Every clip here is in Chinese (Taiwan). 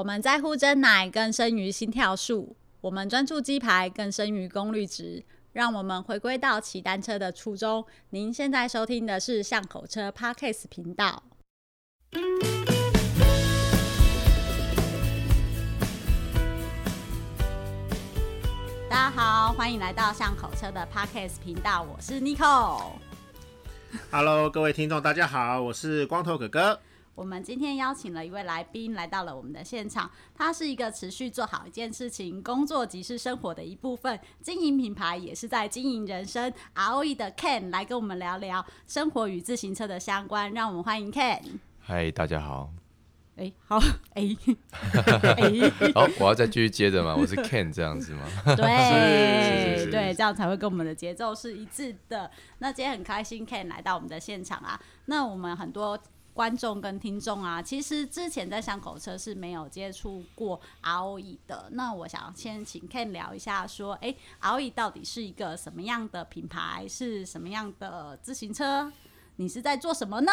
我們在乎珍奶，更勝於心跳數；我們專注雞排，更勝於功率值。讓我們回歸到騎單車的初衷。您現在收聽的是巷口車 Podcast 頻道。大家好，歡迎來到巷口車的 Podcast 頻道，我是 Nico。Hello，各位聽眾，大家好，我是光頭哥哥。我們今天邀請了一位來賓來到了我們的現場，他是一個持續做好一件事情，工作即是生活的一部分，經營品牌也是在經營人生。AOI、mm -hmm. 的 Ken 來跟我們聊聊生活與自行車的相關，讓我們歡迎 Ken。嗨，大家好。哎、欸，好，哎、欸，好、 哦，我要再繼續接着嗎？我是 Ken 這樣子嗎？ 對，對，這樣才會跟我們的節奏是一致的。那今天很開心 Ken 來到我們的現場啊，那我們很多。觀眾跟聽眾啊，其實之前在巷口車是沒有接觸過 AOI 的。那我想先請 Ken 聊一下說，說哎，AOI 到底是一個什麼樣的品牌？是什麼樣的自行車？你是在做什麼呢？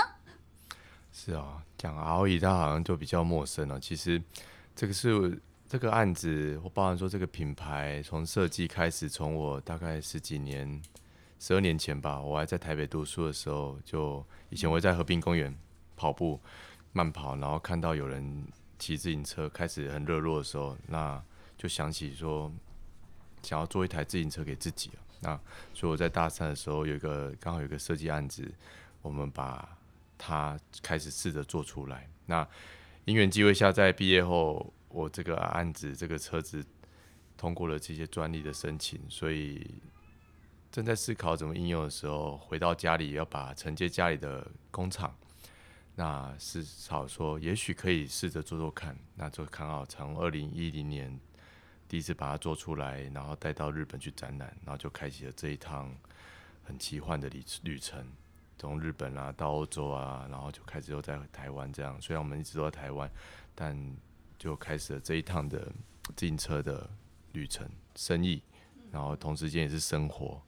是啊、哦，講 AOI，它好像就比較陌生了、哦。其實這個是這個案子，我包含說這個品牌從設計開始，從我大概十幾年、十二年前吧，我還在台北讀書的時候，就以前我在和平公園。嗯跑步、慢跑，然後看到有人騎自行車，開始很熱絡的時候，那就想起說想要做一台自行車給自己。那所以我在大三的時候有一個剛好有個設計案子，我們把它開始試着做出來。那因緣機會下，在畢業後，我這個案子這個車子通過了這些專利的申請，所以正在思考怎麼應用的時候，回到家裡要把承接家裡的工廠。那是好說，也許可以試着做做看。那就剛好從二零一零年第一次把它做出來，然後帶到日本去展覽，然後就開啟了這一趟很奇幻的旅旅程。從日本啊到歐洲啊，然後就開始又在台灣這樣。雖然我們一直都在台灣，但就開始了這一趟的自行車的旅程、生意，然後同時間也是生活。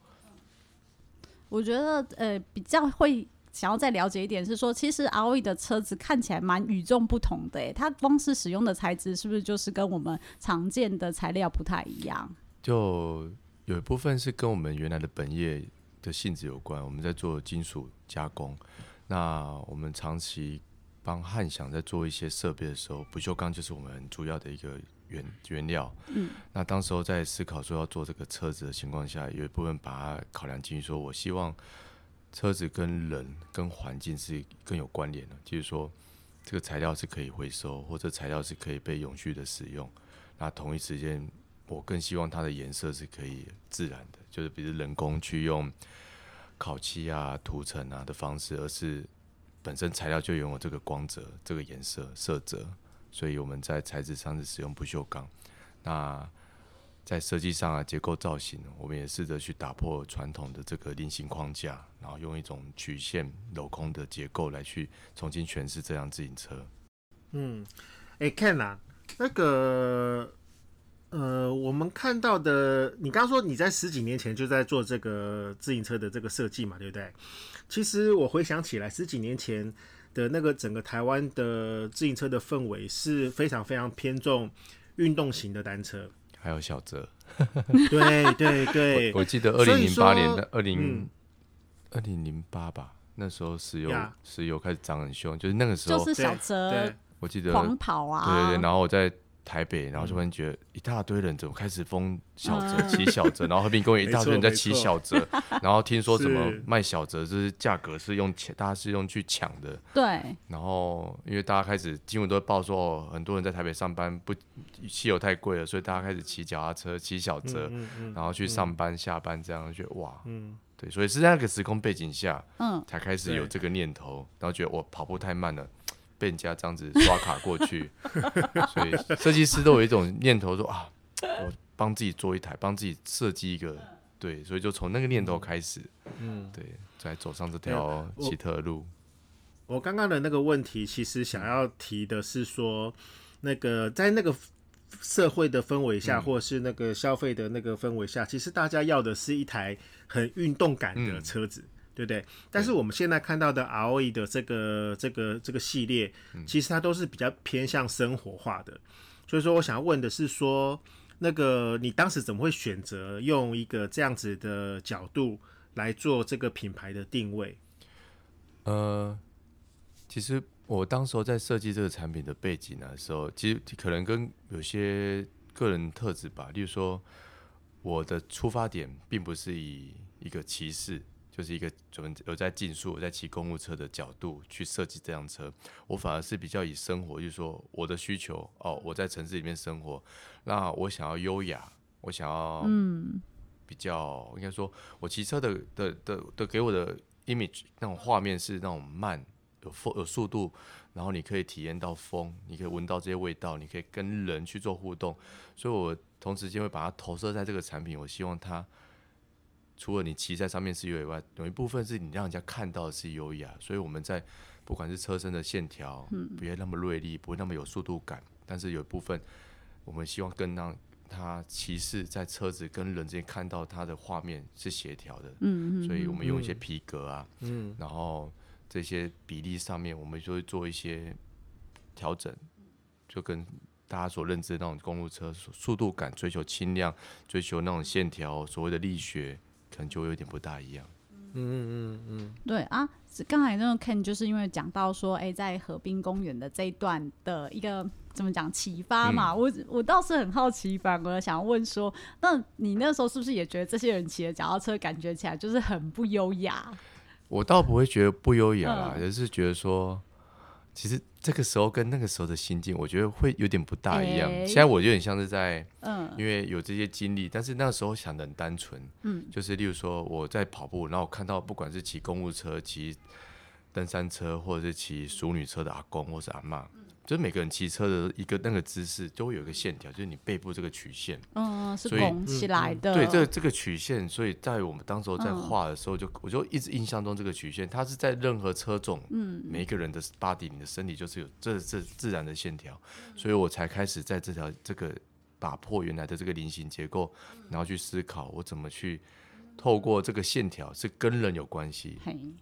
我覺得呃比較會。想要再了解一點，是說其實 AOI 的車子看起來蠻與眾不同的耶，它光是使用的材質是不是就是跟我們常見的材料不太一樣？就有一部分是跟我們原來的本業的性質有關。我們在做金屬加工，那我們長期幫漢翔在做一些設備的時候，不鏽鋼就是我們主要的一個原原料。嗯，那當時候在思考說要做這個車子的情況下，有一部分把它考量進去，說我希望。車子跟人跟環境是更有關聯的，就是說這個材料是可以回收，或者材料是可以被永續的使用。那同一時間，我更希望它的顏色是可以自然的，就是比如人工去用烤漆啊、塗層啊的方式，而是本身材料就擁有這個光澤、這個顏色、色澤。所以我們在材質上是使用不銹鋼。那在設計上啊，結構造型，我們也試着去打破傳統的這個菱形框架，然後用一種曲線鏤空的結構來去重新詮釋這輛自行車。嗯，哎，欸，Ken 啊，那個，呃，我們看到的，你剛剛說你在十幾年前就在做這個自行車的這個設計嘛，對不對？其實我回想起來，十幾年前的那個整個台灣的自行車的氛圍是非常非常偏重運動型的單車。還有小澤， 對對對我，我記得二零零八年的二零二零零八吧，那時候石油、嗯、石油開始漲很凶，就是那個時候就是小澤，我記得，對對我記得狂跑啊，對，對對，然後我在，台北，然後就突然覺得一大堆人怎麼開始瘋小折騎、嗯、小折，然後和平公園一大堆人在騎小折，然後聽說什麼賣小折，就是價格是用錢，大家是用去搶的。對。然後因為大家開始新聞都報說，很多人在台北上班不，不，汽油太貴了，所以大家開始騎腳踏車騎小折、嗯嗯嗯，然後去上班、嗯、下班這樣，覺得哇、嗯，對，所以是在那個時空背景下，嗯，才開始有這個念頭，然後覺得我跑步太慢了。被人家這樣子刷卡過去， 所以設計師都有一種念頭說 啊，我幫自己做一台，幫自己設計一個，對，所以就從那個念頭開始，嗯，對，再走上這條奇特路。嗯、我剛剛的那個問題，其實想要提的是說、嗯，那個在那個社會的氛圍下，或是那個消費的那個氛圍下、嗯，其實大家要的是一台很運動感的車子。嗯對不對？但是我們現在看到的 AOI 的這個這個這個系列，其實它都是比較偏向生活化的。嗯、所以說，我想要問的是說，說那個你當時怎麼會選擇用一個這樣子的角度來做這個品牌的定位？呃，其實我當時候在設計這個產品的背景的時候，其實可能跟有些個人特質吧。例如說，我的出發點並不是以一個騎士。就是一個準備在競速，我在騎公路車的角度去設計這輛車，我反而是比較以生活，就是說我的需求哦，我在城市裡面生活，那我想要優雅，我想要嗯，比較應該說我騎車的的的的給我的 image 那種畫面是那種慢、有風、有速度，然後你可以體驗到風，你可以聞到這些味道，你可以跟人去做互動，所以我同時間會把它投射在這個產品，我希望它，除了你騎在上面是優以外，有一部分是你讓人家看到的是優雅。所以我們在，不管是車身的線條，嗯，不會那麼銳利，不會那麼有速度感。但是有一部分，我們希望更讓它騎士在車子跟人之間看到它的畫面是協調的，嗯嗯。所以我們用一些皮革啊，嗯，然後這些比例上面，我們就會做一些調整，就跟大家所認知的那種公路車速度感，追求輕量，追求那種線條，所謂的力學。可能就有點不大一樣，嗯嗯嗯嗯，對啊，剛才那個 Ken 就是因為講到說，哎、欸，在河濱公園的這一段的一個怎麼講啟發嘛，嗯、我我倒是很好奇，反過來想要問說，那你那時候是不是也覺得這些人騎的腳踏車感覺起來就是很不優雅？我倒不會覺得不優雅啦，就、嗯、是覺得說。其實這個時候跟那個時候的心境，我覺得會有點不大一樣。現在我就很像是在，因為有這些經歷，但是那個時候想得很單純，嗯，就是例如說我在跑步，然後我看到不管是騎公路車、騎登山車，或者是騎淑女車的阿公或是阿嬤。所以，每個人騎車的一個那個姿勢，都有一個線條，就是你背部這個曲線，嗯，所以是拱起來的。嗯嗯、對，這這個曲線，所以在我們當時在畫的時候，嗯、就我就一直印象中這個曲線，它是在任何車種，嗯，每一個人的 body，你的身體就是有這這自然的線條，所以我才開始在這條這個打破原來的這個菱形結構，然後去思考我怎麼去。透過這個線條是跟人有關係，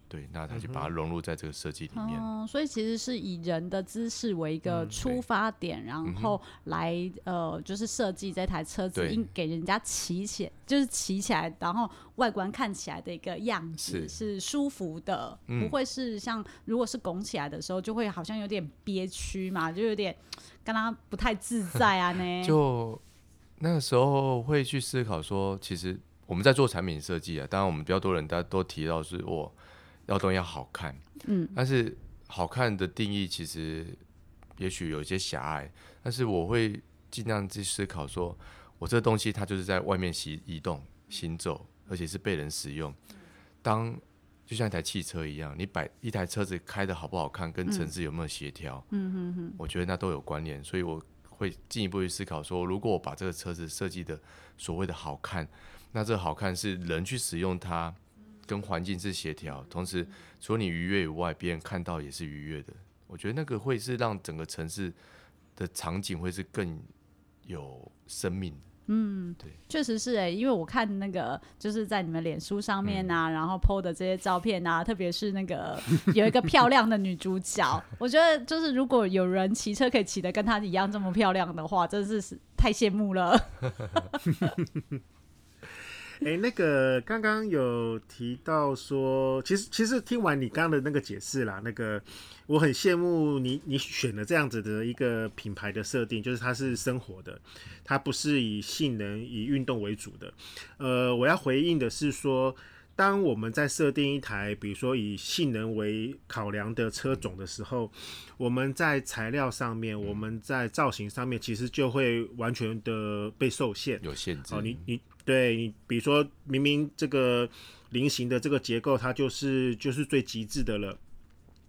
對，那他就把它融入在這個設計裡面。嗯、呃，所以其實是以人的姿勢為一個出發點，嗯、然後來、嗯、呃，就是設計這台車子，應給人家騎起，就是騎起來，然後外觀看起來的一個樣子是舒服的，嗯、不會是像如果是拱起來的時候，就會好像有點憋屈，嘛，就有點剛剛不太自在啊。呢， 就那個時候會去思考說，其實。我們在做產品設計啊，當然我們比較多人，大家都提到是哦，要東西要好看，嗯，但是好看的定義其實也許有一些狹隘，但是我會儘量去思考說，說我這東西它就是在外面行移動行走，而且是被人使用，當就像一台汽車一樣，你擺一台車子開得好不好看，跟城市有沒有協調，嗯，嗯哼哼，我覺得那都有關聯，所以我會進一步去思考說，說如果我把這個車子設計得所謂的好看。那這好看是人去使用它，跟環境是協調、嗯，同時除了你愉悅以外，別人看到也是愉悅的。我覺得那個會是讓整個城市的場景會是更有生命。嗯，對，確實是哎、欸，因為我看那個就是在你們臉書上面啊，嗯、然後 Po 的這些照片啊，特別是那個有一個漂亮的女主角， 我覺得就是如果有人騎車可以騎得跟她一樣這麼漂亮的話，真的是太羨慕了。 哎、欸，那個剛剛有提到說，其實其實聽完你剛剛的那個解釋啦，那個我很羨慕你，你選了這樣子的一個品牌的設定，就是它是生活的，它不是以性能以運動為主的。呃，我要回應的是說，當我們在設定一台比如說以性能為考量的車種的時候，嗯、我們在材料上面，我們在造型上面，其實就會完全的被受限，有限制。哦，你你。對，比如說明明這個菱形的這個結構，它就是就是最極致的了。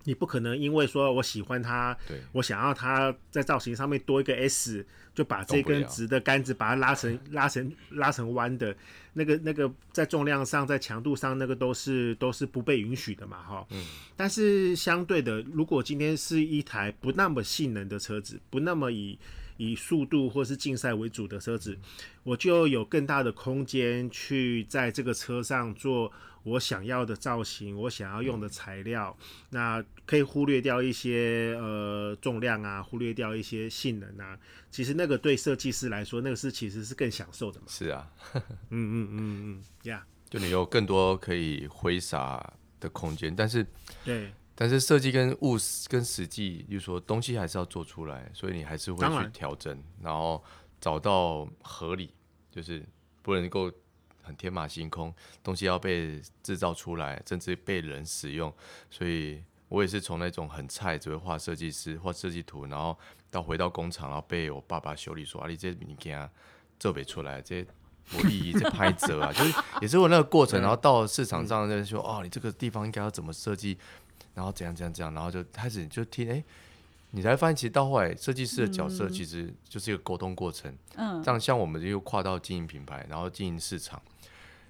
你不可能因為說我喜歡它，對我想要它在造型上面多一個 S，就把這根直的桿子把它拉成拉成拉成，拉成彎的。那個那個在重量上在強度上那個都是都是不被允許的嘛哈、嗯。但是相對的，如果今天是一台不那麼性能的車子，不那麼以。以速度或是競賽為主的車子，我就有更大的空間去在這個車上做我想要的造型，我想要用的材料，嗯、那可以忽略掉一些呃重量啊，忽略掉一些性能啊。其實那個對設計師來說，那個是其實是更享受的嘛。是啊， 嗯嗯嗯嗯，呀、yeah.，就你有更多可以揮灑的空間，但是對。但是設計跟物跟實際，就是、說東西還是要做出來，所以你還是會去調整然，然後找到合理，就是不能夠很天馬行空，東西要被製造出來，甚至被人使用。所以我也是從那種很菜，只會畫設計師畫設計圖，然後到回到工廠，然後被我爸爸修理說：“啊，你這你給啊折沒出來，這我故意在拍折啊。”就是也是我那個過程， 然後到了市場上在、嗯、說：“哦，你這個地方應該要怎麼設計？”然後怎樣怎樣怎樣，然後就開始你就聽，誒，你才發現其實到後來設計師的角色其實就是一個溝通過程。嗯，這樣像我們又跨到經營品牌，然後經營市場，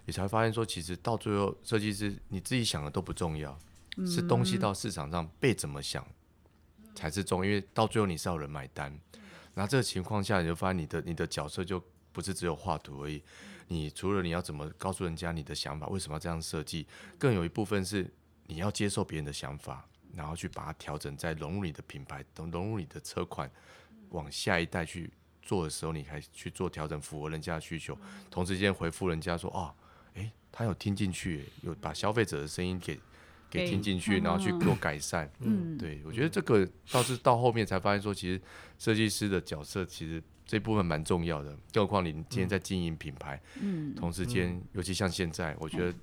你才發現說其實到最後設計師你自己想的都不重要，嗯、是東西到市場上被怎麼想才是重，因為到最後你是要人買單。那這個情況下你就發現你的你的角色就不是只有畫圖而已，你除了你要怎麼告訴人家你的想法，為什麼要這樣設計，更有一部分是。你要接受別人的想法，然後去把它調整，再融入你的品牌，等融入你的車款，往下一代去做的時候，你還去做調整，符合人家的需求，同時間回復人家說哦、欸，他有聽進去，有把消費者的聲音給給聽進去，然後去做改善。嗯、欸，對，我覺得這個倒是到後面才發現說，其實設計師的角色其實這部分蠻重要的，更何況你今天在經營品牌，嗯，同時間，尤其像現在，我覺得。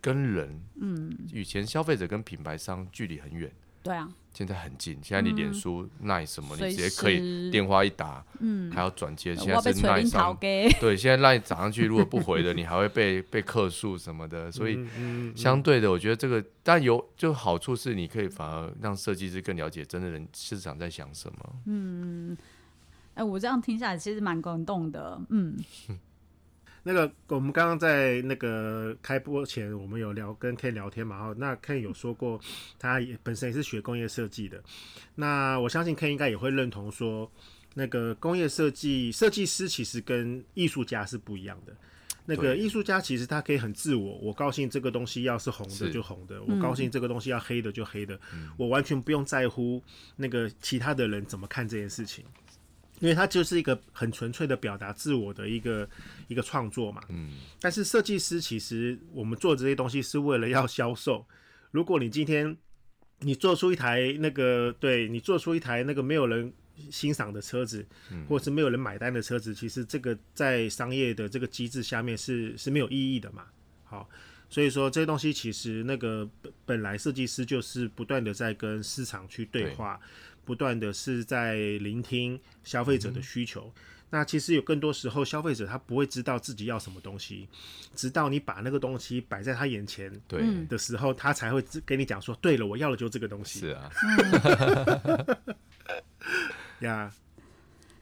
跟人，嗯，以前消費者跟品牌商距離很遠，對、嗯、啊，現在很近。現在你臉書，那你什麼、嗯，你直接可以電話一打，嗯，還要轉接、嗯。現在是那，商，對，現在讓你上去，如果不回的，你還會被 被客訴什麼的。所以，相對的，我覺得這個，但有就好處是，你可以反而讓設計師更了解真的人市場在想什麼。嗯，哎、欸，我這樣聽下來，其實蠻感動的。嗯。嗯那個，我們剛剛在那個開播前，我們有聊跟 Ken 聊天嘛。然後那 Ken 有說過，他本身也是學工業設計的。那我相信 Ken 應該也會認同說，那個工業設計設計師其實跟藝術家是不一樣的。那個藝術家其實他可以很自我，我高興這個東西要是紅的就紅的，我高興這個東西要黑的就黑的，嗯，我完全不用在乎那個其他的人怎麼看這件事情。因為它就是一個很純粹的表達自我的一個一個創作嘛，嗯，但是設計師其實我們做這些東西是為了要銷售。如果你今天你做出一台那個，對，你做出一台那個沒有人欣賞的車子，或者是沒有人買單的車子，其實這個在商業的這個機制下面是是沒有意義的嘛。好，所以說這些東西其實那個本本來設計師就是不斷的在跟市場去對話。對不斷的是在聆聽消費者的需求、嗯，那其實有更多時候，消費者他不會知道自己要什麼東西，直到你把那個東西擺在他眼前，對的時候、嗯，他才會跟你講說：“對了，我要的就這個東西。”是啊，呀、 yeah,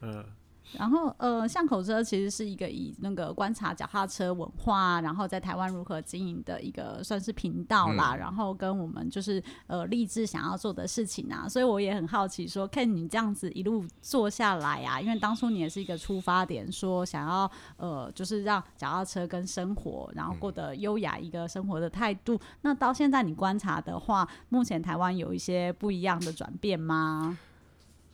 呃，然後，呃，巷口車其實是一個以那個觀察腳踏車文化，然後在台灣如何經營的一個算是頻道啦、嗯。然後跟我們就是呃立志想要做的事情啊，所以我也很好奇說，說看你這樣子一路做下來啊，因為當初你也是一個出發點，說想要呃就是讓腳踏車跟生活，然後過得優雅一個生活的態度、嗯。那到現在你觀察的話，目前台灣有一些不一樣的轉變嗎？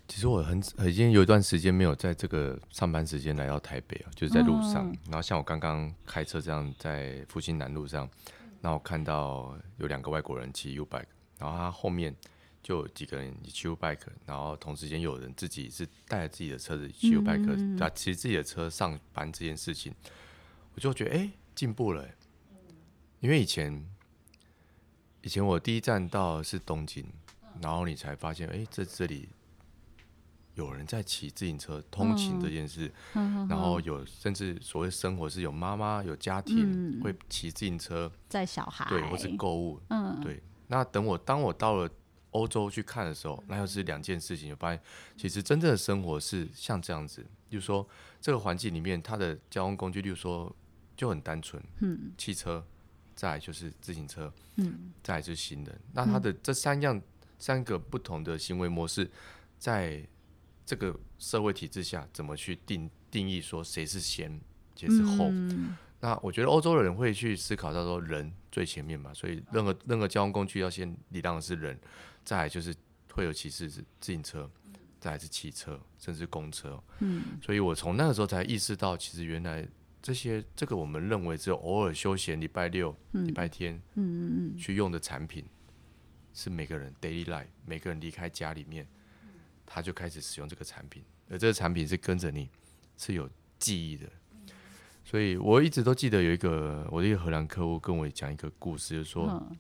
其實我很很已經有一段時間沒有在這個上班時間來到台北了，就是在路上。嗯、然後像我剛剛開車這樣在復興南路上，然後我看到有兩個外國人騎 U bike，然後他後面就有幾個人也騎 U bike，然後同時間有人自己是帶着自己的車子騎 U bike，他、嗯、騎、嗯嗯、自己的車上班這件事情，我就覺得哎進、欸、步了、欸。因為以前以前我第一站到是東京，然後你才發現哎這、欸、這裡。有人在騎自行車通勤這件事、嗯嗯，然後有甚至所謂生活是有媽媽有家庭會騎自行車帶、嗯、小孩，對，或是購物，嗯，對。那等我當我到了歐洲去看的時候，那又是兩件事情，發現其實真正的生活是像這樣子，就是說這個環境裡面它的交通工具，例如說就很單純、嗯，汽車，再就是自行車，嗯、再就是行人。那它的這三樣、嗯、三個不同的行為模式在。這個社會體制下，怎麼去定定義說誰是先，誰是後、嗯。那我覺得歐洲人會去思考到說，人最前面嘛，所以任何任何交通工具要先禮讓的是人，再來就是會有騎士是自行車，再來是汽車，甚至公車、嗯。所以我從那個時候才意識到，其實原來這些這個我們認為只有偶爾休閒，禮拜六、禮拜天，嗯嗯嗯，去用的產品，是每個人 daily life，、嗯、每個人離開家裡面。他就開始使用這個產品，而這個產品是跟着你，是有記憶的、嗯。所以我一直都記得有一個我一個荷蘭客戶跟我講一個故事，就是、說、嗯、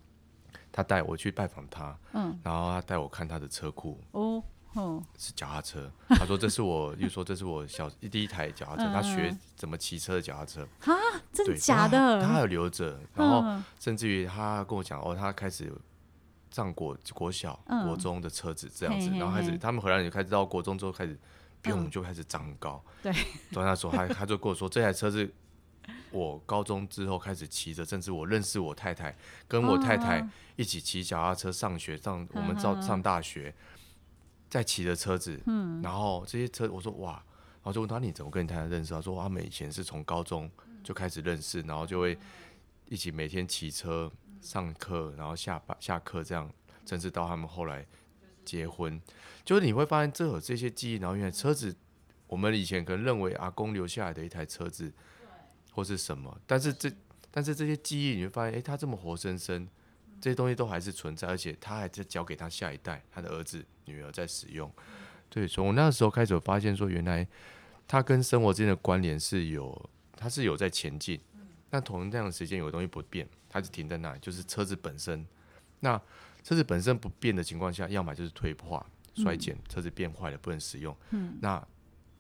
他帶我去拜訪他、嗯，然後他帶我看他的車庫、嗯，哦，是腳踏車。他說，這是我，就 說，這是我小第一台腳踏車、嗯，他學怎麼騎車的腳踏車。啊，真的假的？他還有留着，然後甚至於他跟我講、嗯，哦，他開始。上國國小、嗯、國中的車子這樣子，嘿嘿嘿然後開始，他們回來就開始到國中之後開始，比、嗯、就開始長高、嗯。對，那時候，他他就跟我說， 這台車是我高中之後開始騎着，甚至我認識我太太，跟我太太一起騎腳踏車上學，嗯、上我們到上、嗯、上大學，再騎着車子、嗯。然後這些車，我說哇，然後就問他你怎麼跟你太太認識？他說他們以前是從高中就開始認識，然後就會一起每天騎車。上課，然後下班，下課這樣，甚至到他們後來結婚，就是你會發現這有這些記憶。然後原來車子，我們以前可能認為阿公留下來的一台車子，或是什麼，但是這但是這些記憶，你會發現，哎、欸，他這麼活生生，這些東西都還是存在，而且他還在交給他下一代，他的兒子女兒在使用。嗯、對，從我那時候開始，發現說原來他跟生活之間的關聯是有，他是有在前進。那同樣的時間，有個東西不變，它就停在那裡，就是車子本身。那車子本身不變的情況下，要麼就是退化、衰減，嗯，車子變壞了不能使用。嗯。那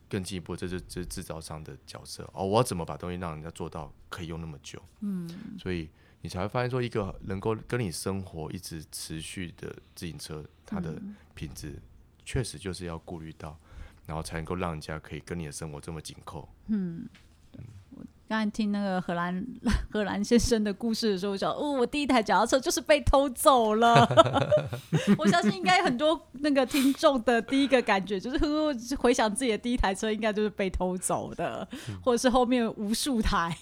更進一步，這是這是制造商的角色哦，我要怎麼把東西讓人家做到可以用那麼久？嗯。所以你才會發現，說一個能夠跟你生活一直持續的自行車，它的品質確實就是要顧慮到，然後才能夠讓人家可以跟你的生活這麼緊扣。嗯。嗯剛才聽那個荷蘭荷蘭先生的故事的時候，我想哦，我第一台腳踏車就是被偷走了。 我相信應該很多那個聽眾的第一個感覺就是 回想自己的第一台車，應該就是被偷走的，或者是後面無數台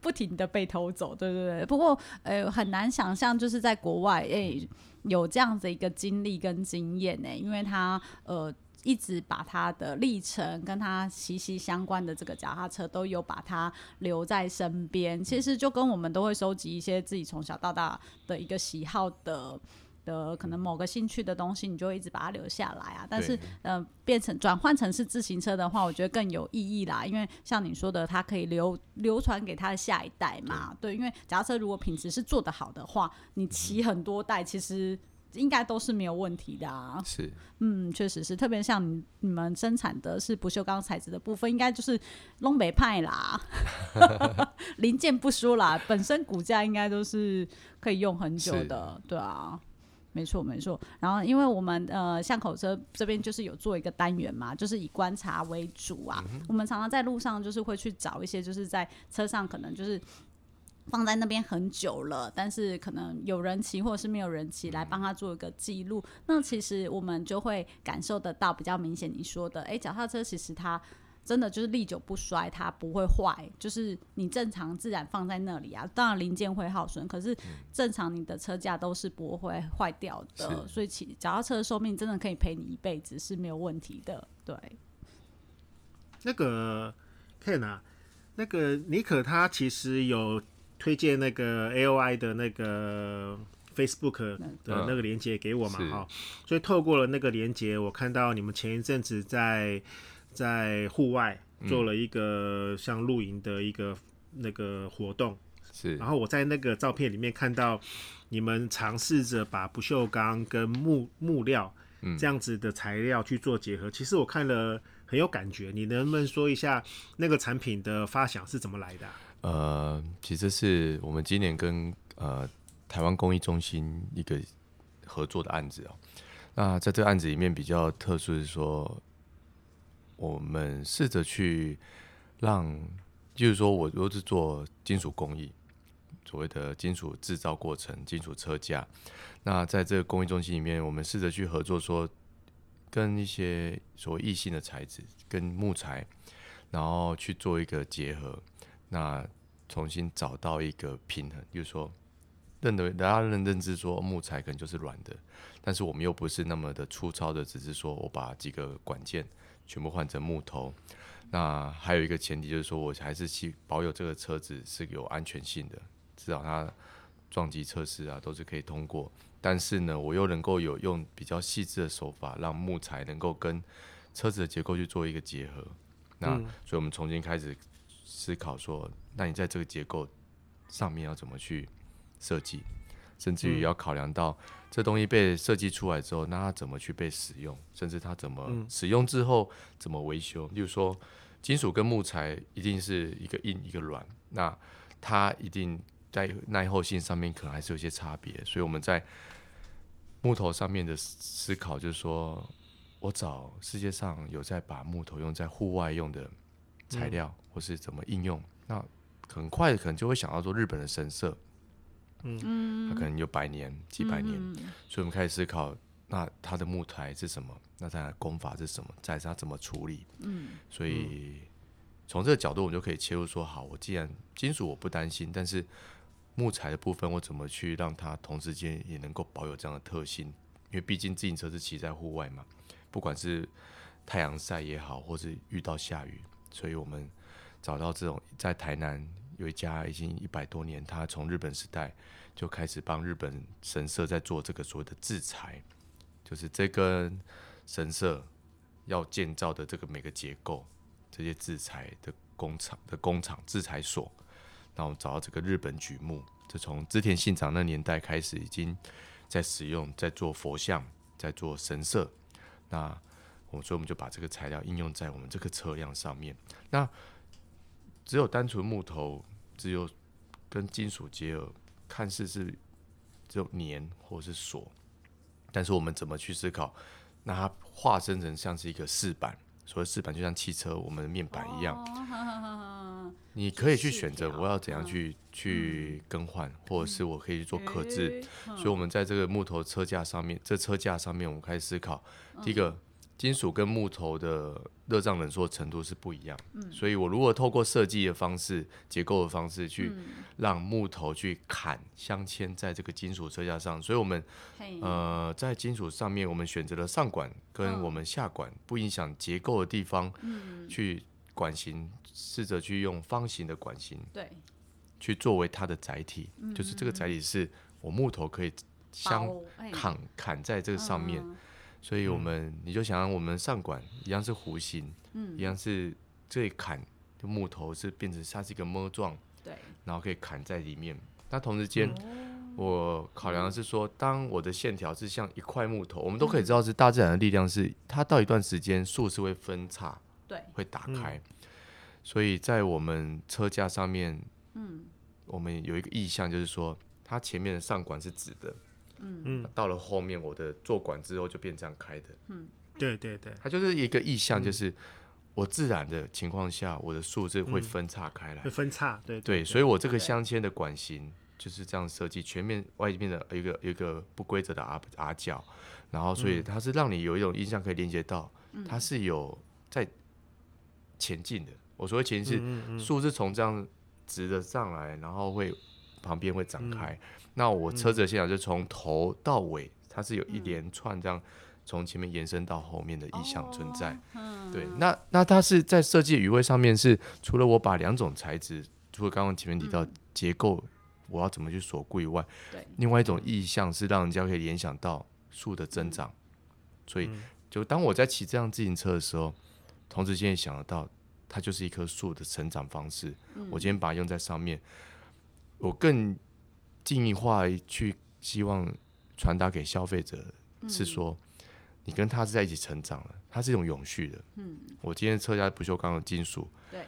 不停的被偷走，對不對，對？不過呃，很難想象就是在國外誒、欸、有這樣子一個經歷跟經驗呢、欸，因為他呃。一直把它的歷程跟它息息相關的這個腳踏車都有把它留在身邊，其實就跟我們都會收集一些自己從小到大的一個喜好的的可能某個興趣的東西，你就會一直把它留下來啊。但是，嗯，變成轉換成是自行車的話，我覺得更有意義啦。因為像你說的，它可以流流傳給他的下一代嘛。對，因為腳踏車如果品質是做得好的話，你騎很多代其實。應該都是沒有問題的啊，是，嗯，確實是，特別像你，你們生產的是不鏽鋼材質的部分，應該就是東北派啦， 零件不輸啦，本身骨架應該都是可以用很久的，對啊，沒錯沒錯。然後，因為我們呃巷口車這邊就是有做一個單元嘛，就是以觀察為主啊，嗯，我們常常在路上就是會去找一些，就是在車上可能就是。放在那邊很久了，但是可能有人騎，或者是沒有人騎，來幫他做一個記錄、嗯。那其實我們就會感受得到比較明顯。你說的，哎、欸，腳踏車其實它真的就是歷久不衰，它不會壞。就是你正常自然放在那裡啊，當然零件會耗損，可是正常你的車架都是不會壞掉的、嗯。所以其實腳踏車的壽命真的可以陪你一輩子是沒有問題的。對。那個 Ken 啊，那個妮可她其實有。推薦那個 A O I 的那個 Facebook 的那個鏈接給我嘛、啊，哈、哦，所以透過了那個鏈接，我看到你們前一陣子在在戶外做了一個像露營的一個、嗯、那個活動，是，然後我在那個照片裡面看到你們嘗試着把不鏽鋼跟木木料這樣子的材料去做結合、嗯，其實我看了很有感覺，你能不能說一下那個產品的發想是怎麼來的、啊？呃，其實是我們今年跟呃台灣工藝中心一個合作的案子哦、喔。那在這個案子裡面比較特殊是說，我們試着去讓，就是說我如果是做金屬工藝，所謂的金屬製造過程、金屬車架，那在這個工藝中心裡面，我們試着去合作說，說跟一些所謂異性的材質，跟木材，然後去做一個結合。那重新找到一個平衡，就是說，認得大家認認知說，木材可能就是軟的，但是我們又不是那麼的粗糙的，只是說我把幾個管件全部換成木頭。那還有一個前提就是說我還是保有這個車子是有安全性的，至少它撞擊測試啊都是可以通過。但是呢，我又能夠有用比較細緻的手法，讓木材能夠跟車子的結構去做一個結合。嗯。那所以我們重新開始思考說，那你在這個結構上面要怎麼去設計，甚至於要考量到這東西被設計出來之後，那它怎麼去被使用，甚至它怎麼使用之後怎麼維修。就是說，金屬跟木材一定是一個硬一個軟，那它一定在耐候性上面可能還是有些差別。所以我們在木頭上面的思考就是說，我找世界上有在把木頭用在戶外用的，材料或是怎麼應用，那很快可能就會想到說日本的神社，嗯，它可能有百年、幾百年，嗯，所以我們開始思考，那它的木材是什麼？那它的工法是什麼？再是它怎麼處理？嗯，所以從這個角度，我們就可以切入說：好，我既然金屬我不擔心，但是木材的部分，我怎麼去讓它同時間也能夠保有這樣的特性？因為畢竟自行車是騎在戶外嘛，不管是太陽曬也好，或是遇到下雨。所以，我們找到這種在台南有一家已經一百多年，他從日本時代就開始幫日本神社在做這個所謂的製材。就是這根神社要建造的這個每個結構，這些製材的工廠的工廠製材所。那我們找到這個日本櫸木，就從織田信長那年代開始已經在使用，在做佛像，在做神社。那我們所以我們就把這個材料應用在我們這個車輛上面。那只有單純木頭，只有跟金屬結合，看似是只有粘或者是鎖，但是我們怎麼去思考？那它化身成像是一個飾板，所謂飾板就像汽車我們的面板一樣。哦、你可以去選擇我要怎樣去、嗯、去更換，或者是我可以去做刻字、嗯欸嗯。所以我們在這個木頭車架上面，這車架上面我們開始思考第一個。嗯金屬跟木頭的熱脹冷縮程度是不一樣，嗯，所以我如果透過設計的方式、結構的方式去讓木頭去砍、鑲嵌在這個金屬車架上，所以我們呃在金屬上面，我們選擇了上管跟我們下管，哦，不影響結構的地方，嗯，去管型試着去用方形的管型，對，去作為它的載體，嗯，就是這個載體是我木頭可以相砍砍在這個上面。嗯。所以我們、嗯、你就想讓我們上管一樣是弧形，嗯，一樣是這一砍的木頭是變成它是一個摸狀，對，然後可以砍在裡面。那同時間、哦，我考量的是說，嗯、當我的線條是像一塊木頭、嗯，我們都可以知道是大自然的力量是，它到一段時間樹是會分叉，對，會打開、嗯。所以在我們車架上面，嗯，我們有一個意向就是說，它前面的上管是直的。嗯嗯，到了後面我的坐管之後就變這樣開的，嗯，對對對，它就是一個意象，就是、嗯、我自然的情況下，我的樹枝會分叉開來，嗯、會分叉，對對，對，對，所以我這個鑲嵌的管型就是這樣設計、啊，全面外面的一個一個不規則的阿阿角，然後所以它是讓你有一種印象可以連接到、嗯，它是有在前進的，我說的前進是樹、嗯嗯嗯、枝從這樣直的上來，然後會。旁邊會展開、嗯。那我車子的線條就從頭到尾、嗯，它是有一連串這樣從、嗯、前面延伸到後面的意象存在。哦哦哦對，嗯、那那它是在設計余位上面是，除了我把兩種材質，除了剛剛前面提到結構、嗯，我要怎麼去鎖固以外，另外一種意象是讓人家可以聯想到樹的增長。嗯、所以，就當我在騎這輛自行車的時候，同時現在想得到，它就是一棵樹的成長方式、嗯。我今天把它用在上面。我更近一化，去希望傳達給消費者是說，你跟它是在一起成長了，它是一種永續的。嗯，我今天車架不鏽鋼的金屬，對，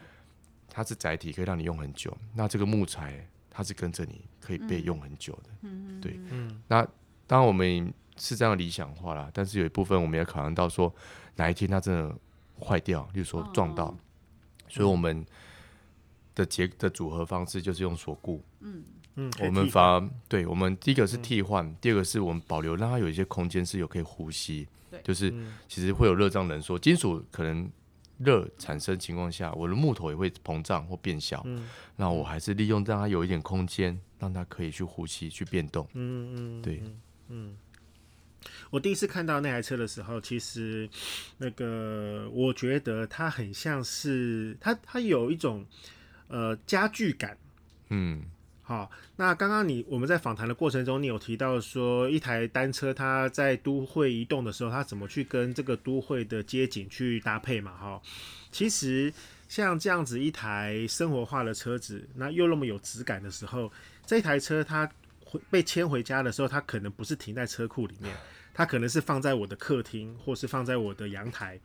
它是載體，可以讓你用很久。那這個木材，它是跟着你可以被用很久的。嗯對，嗯。那當然我們是這樣的理想化啦，但是有一部分我們也考量到說，哪一天它真的壞掉，例如說撞到，哦哦所以我們。的結的組合方式就是用鎖固。嗯嗯，我們反而對我們第一個是替換、嗯嗯，第二個是我們保留，讓它有一些空間是有可以呼吸。對、嗯，就是其實會有熱脹冷縮，金屬可能熱產生情況下，我的木頭也會膨脹或變小。嗯，那我還是利用讓它有一點空間，讓它可以去呼吸、去變動、嗯嗯，對，嗯。我第一次看到那台車的時候，其實那個我覺得它很像是它，它有一種。呃，家具感，嗯，好、哦。那剛剛你我們在訪談的過程中，你有提到說，一台單車它在都會移動的時候，它怎麼去跟這個都會的街景去搭配嘛？哈、哦，其實像這樣子一台生活化的車子，那又那麼有質感的時候，這台車它。被牽回家的時候，它可能不是停在車庫裡面，它可能是放在我的客廳，或是放在我的陽台。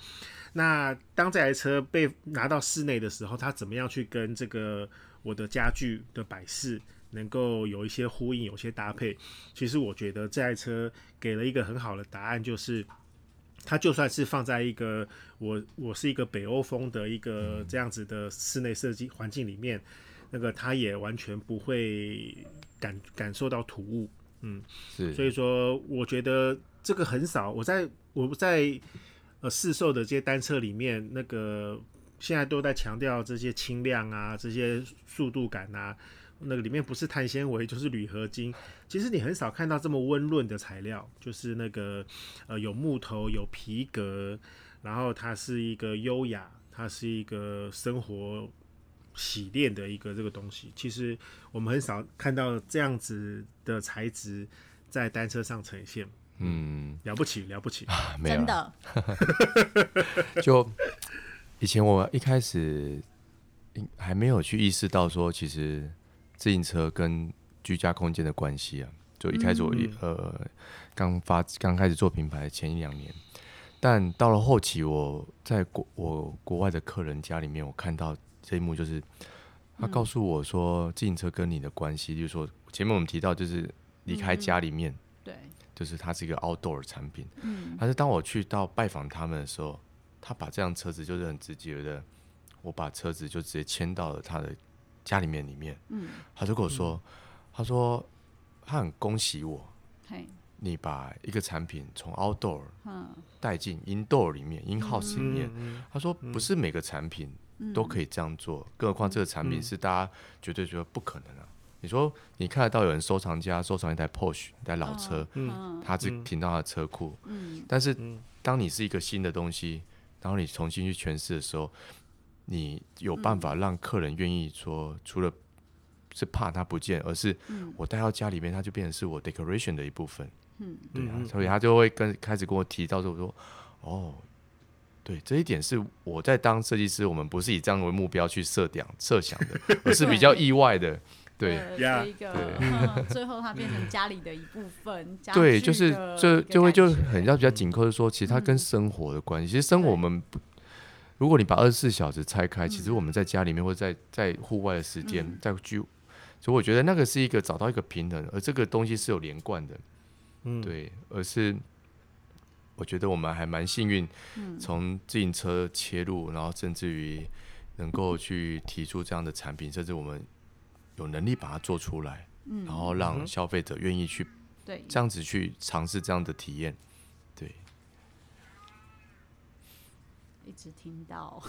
那當這台車被拿到室內的時候，它怎麼樣去跟這個我的家具的擺飾能夠有一些呼應，有一些搭配？其實我覺得這台車給了一個很好的答案，就是它就算是放在一個我我是一個北歐風的一個這樣子的室內設計環境裡面，那個它也完全不會。感感受到突兀，嗯，是，所以說我覺得這個很少。我在我在呃市售的這些單車裡面，那個現在都在強調這些輕量啊，這些速度感啊，那個裡面不是碳纖維就是鋁合金。其實你很少看到這麼溫潤的材料，就是那個呃有木頭有皮革，然後它是一個優雅，它是一個生活洗練的一個這個東西，其實我們很少看到這樣子的材質在單車上呈現。嗯，了不起了不起啊，沒有啊！真的， 就以前我一開始，還沒有去意識到說，其實自行車跟居家空間的關係啊。就一開始我一嗯嗯呃剛發剛開始做品牌前一兩年，但到了後期，我在國我國外的客人家裡面，我看到。這一幕就是他告訴我說，自行車跟你的關係，就是說前面我們提到，就是離開家裡面，對，就是它是一個 outdoor 產品。嗯，但是當我去到拜訪他們的時候，他把這輛車子就是很直接的，我把車子就直接牽到了他的家裡面裡面。嗯，他就跟我說，他說他很恭喜我，你把一個產品從 outdoor 帶進 indoor 裡面，in house 裡面。他說不是每個產品。嗯、都可以這樣做，更何況這個產品是大家絕對覺得不可能啊！嗯嗯、你說，你看得到有人收藏家收藏一台 Porsche，一台老車，啊，嗯，他是停到他的車庫，嗯，但是當你是一個新的東西，然後你重新去詮釋的時候，你有辦法讓客人願意說，嗯，除了是怕它不見，而是我帶到家裡面，它，嗯，就變成是我 decoration 的一部分，嗯，對啊，所以他就會跟開始跟我提到說我說，哦。對，這一點是我在當設計師，我們不是以這樣為目標去設想設想的，而 是比較意外的。對，呃、這一個對呵呵最後它變成家裡的一部分。 家對，就是就就會就很要比較緊扣的說，其實它跟生活的關係。嗯、其實生活我們，如果你把二十四小時拆開，其實我們在家裡面或者在在戶外的時間、嗯，在居，所以我覺得那個是一個找到一個平衡，而這個東西是有連貫的。嗯，對，而是。我覺得我們還蠻幸運，從自行車切入，嗯，然後甚至於能夠去提出這樣的產品，甚至我們有能力把它做出來，嗯，然後讓消費者願意去，對，嗯，這樣子去嘗試這樣的體驗，對，對，一直聽到。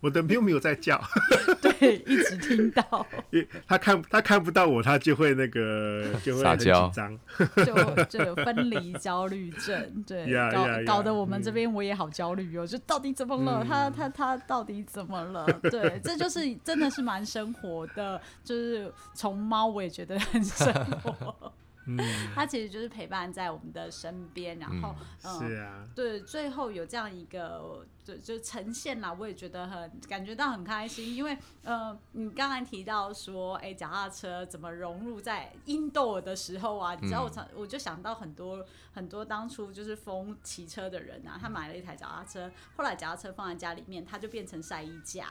我的喵沒有在叫 對，一直聽到。 他看他看不到我，他就會那個，就會很緊張，就就有分離焦慮症， 對，搞、yeah, 搞、yeah, yeah, 得我們這邊我也好焦慮哦、嗯，就到底怎麼了？嗯、他他他到底怎麼了？對，這就是真的是蠻生活的，就是從貓我也覺得很生活。 嗯、啊， 他其實就是陪伴在我們的身邊，然後嗯，嗯，是啊，對，最後有這樣一個就就呈現了，我也覺得很感覺到很開心，因為呃，你剛才提到說，哎、欸，腳踏車怎麼融入在 indoor 的時候啊？你知道我常、嗯、我就想到很多很多當初就是瘋騎車的人啊，他買了一台腳踏車，後來腳踏車放在家裡面，它就變成曬衣架。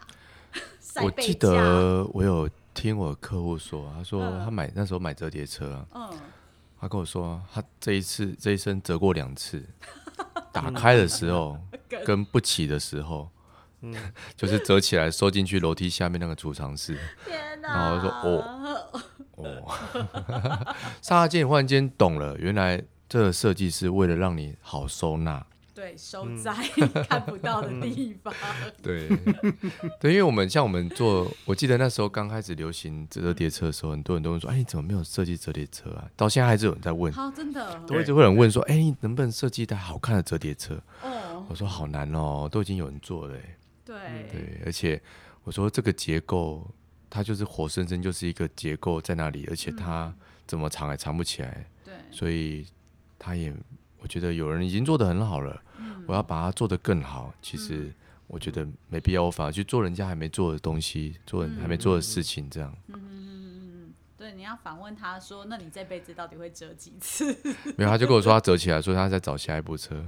我記得我有聽我客戶說，他說他買、嗯、那時候買折疊車，嗯。嗯他跟我說，他這一次這一生折過兩次，打開的時候 跟不起的時候， 就是折起來收進去樓梯下面那個儲藏室。天啊，然後就說哦哦， 哦 沙拉金忽然間懂了，原來這個設計是為了讓你好收納。對，收在看不到的地方。嗯、 對， 對，因為我們像我們做， 我記得那時候剛開始流行折疊車的時候、嗯，很多人都會說：“哎，你怎麼沒有設計折疊車啊？”到現在還是有人在問，好，真的，都一直會有人問說：“哎，欸、你能不能設計一台好看的折疊車？”哦，我說好難哦，都已經有人做了、欸。對，對，而且我說這個結構，它就是活生生就是一個結構在那裡，而且它怎麼藏也藏不起來。對，所以他也，我覺得有人已經做得很好了。我要把它做得更好，其實我覺得沒必要。嗯、我反而去做人家還沒做的東西，做人還沒做的事情，這樣嗯。嗯，對，你要反問他說：“那你這輩子到底會折幾次？”沒有，他就跟我說他折起來，說他在找下一部車。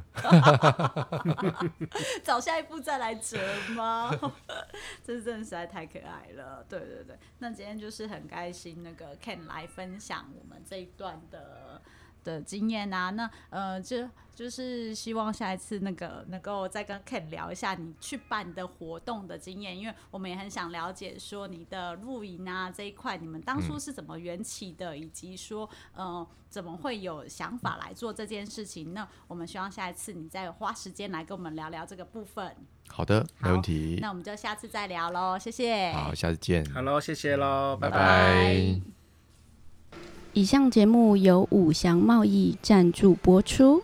找下一步再來折嗎？ 這是真的，實在太可愛了。對對對，那今天就是很開心，那個 Ken 來分享我們這一段的。的經驗啊，那呃，就就是希望下一次那個能夠再跟 Ken 聊一下你去辦你的活動的經驗，因為我們也很想了解說你的露營啊這一塊，你們當初是怎麼緣起的？嗯，以及說呃怎麼會有想法來做這件事情。嗯、那我們希望下一次你再花時間來跟我們聊聊這個部分。好的，沒問題。那我們就下次再聊嘍，謝謝。好，下次見。好嘍，謝謝嘍，拜拜。拜拜。以上節目由五祥貿易贊助播出。